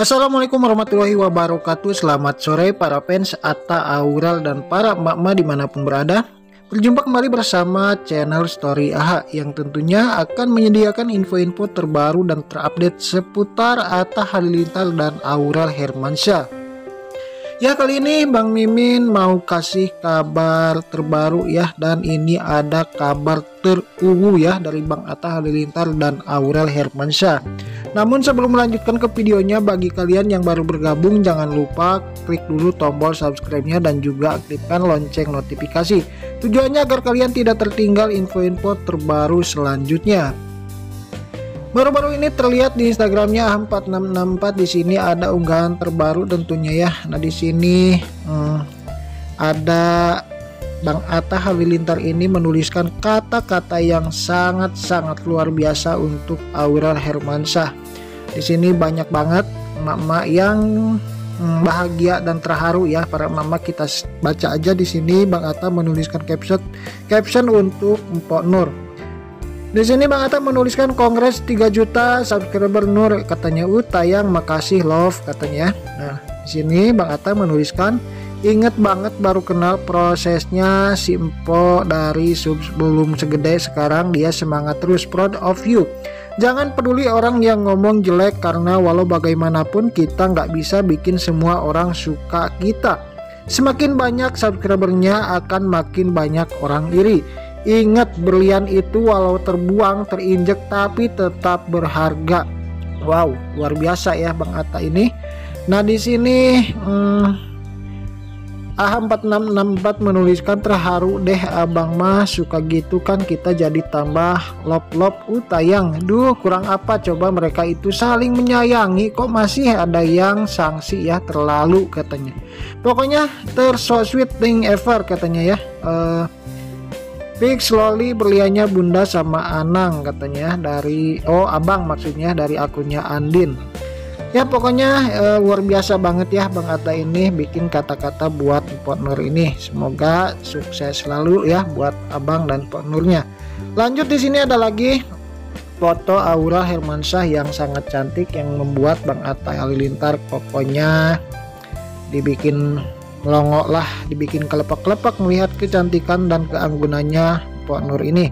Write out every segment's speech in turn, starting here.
Assalamualaikum warahmatullahi wabarakatuh Selamat sore para fans Atta Aural dan para emak-emak dimanapun berada Berjumpa kembali bersama channel Story AHA Yang tentunya akan menyediakan info-info terbaru dan terupdate seputar Atta Halilintar dan Aural Hermansyah Ya kali ini Bang Mimin mau kasih kabar terbaru ya Dan ini ada kabar terunggu ya dari Bang Atta Halilintar dan Aurel Hermansyah namun sebelum melanjutkan ke videonya, bagi kalian yang baru bergabung jangan lupa klik dulu tombol subscribe-nya dan juga aktifkan lonceng notifikasi. Tujuannya agar kalian tidak tertinggal info-info terbaru selanjutnya. Baru-baru ini terlihat di Instagramnya 4664 di sini ada unggahan terbaru tentunya ya. Nah di sini hmm, ada Bang Atta Halilintar ini menuliskan kata-kata yang sangat-sangat luar biasa untuk Aurel Hermansyah. Di sini banyak banget mama yang hmm, bahagia dan terharu ya para mama kita baca aja di sini Bang Atta menuliskan caption caption untuk Mpok Nur di sini Bang Atta menuliskan kongres 3 juta subscriber Nur katanya u, uh, tayang makasih love katanya nah di sini Bang Atta menuliskan Ingat banget baru kenal prosesnya si Empo dari sebelum segede sekarang dia semangat terus proud of you. Jangan peduli orang yang ngomong jelek karena walau bagaimanapun kita nggak bisa bikin semua orang suka kita. Semakin banyak subscribernya akan makin banyak orang iri. Ingat berlian itu walau terbuang, terinjek tapi tetap berharga. Wow, luar biasa ya Bang Atta ini. Nah di sini hmm, AH4664 menuliskan terharu deh abang mah suka gitu kan kita jadi tambah lop-lop utayang duh kurang apa coba mereka itu saling menyayangi kok masih ada yang sanksi ya terlalu katanya pokoknya so sweet thing ever katanya ya uh, eh, Fix Loli berlianya bunda sama Anang katanya dari oh abang maksudnya dari akunnya Andin ya pokoknya e, luar biasa banget ya Bang Atta ini bikin kata-kata buat Pak Nur ini semoga sukses selalu ya buat Abang dan Pak Nurnya lanjut di sini ada lagi foto Aura Hermansyah yang sangat cantik yang membuat Bang Atta Halilintar pokoknya dibikin melongok lah dibikin kelepak-kelepak melihat kecantikan dan keanggunannya Pak Nur ini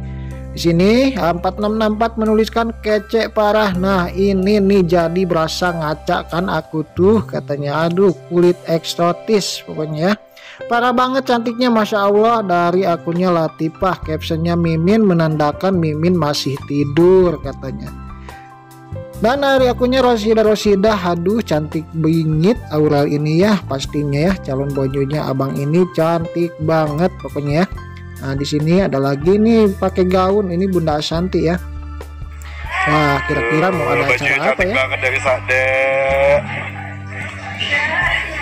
di sini 4664 menuliskan kece parah nah ini nih jadi berasa ngacak kan aku tuh katanya aduh kulit eksotis pokoknya ya Parah banget cantiknya Masya Allah dari akunnya Latifah Captionnya Mimin menandakan Mimin masih tidur katanya Dan dari akunnya Rosida Rosida Aduh cantik bingit Aural ini ya pastinya ya Calon bojonya abang ini cantik banget pokoknya ya Nah, di sini ada lagi nih pakai gaun. Ini Bunda Ashanti ya. Wah, kira-kira mau ada acara apa ya? dari Sade.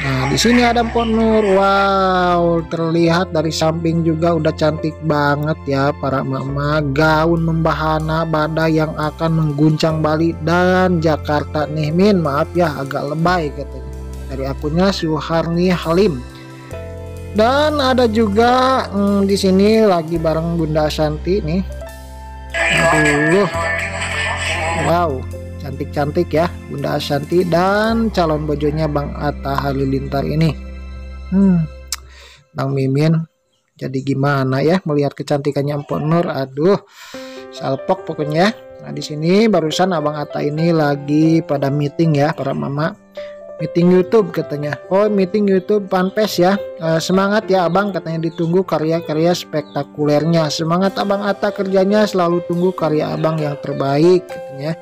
Nah, di sini ada Ponur. Wow, terlihat dari samping juga udah cantik banget ya para mama. Gaun membahana badai yang akan mengguncang Bali dan Jakarta nih Min. Maaf ya agak lebay katanya. Dari akunnya Suharni Halim dan ada juga hmm, di sini lagi bareng Bunda Shanti nih aduh wow cantik-cantik ya Bunda Ashanti dan calon bojonya Bang Atta Halilintar ini hmm Bang Mimin jadi gimana ya melihat kecantikannya Mpok Nur aduh salpok pokoknya nah di sini barusan Abang Atta ini lagi pada meeting ya para mama meeting YouTube katanya. Oh, meeting YouTube Fanpage ya. uh, semangat ya Abang katanya ditunggu karya-karya spektakulernya. Semangat Abang Ata kerjanya selalu tunggu karya Abang yang terbaik katanya.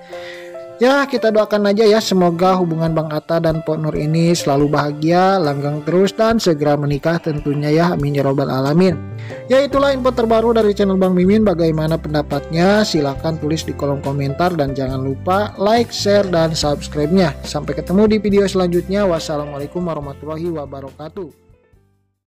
Ya, kita doakan aja ya semoga hubungan Bang Atta dan Pok Nur ini selalu bahagia, langgang terus dan segera menikah tentunya ya. Amin ya robbal alamin. Ya itulah info terbaru dari channel Bang Mimin. Bagaimana pendapatnya? Silahkan tulis di kolom komentar dan jangan lupa like, share, dan subscribe-nya. Sampai ketemu di video selanjutnya. Wassalamualaikum warahmatullahi wabarakatuh.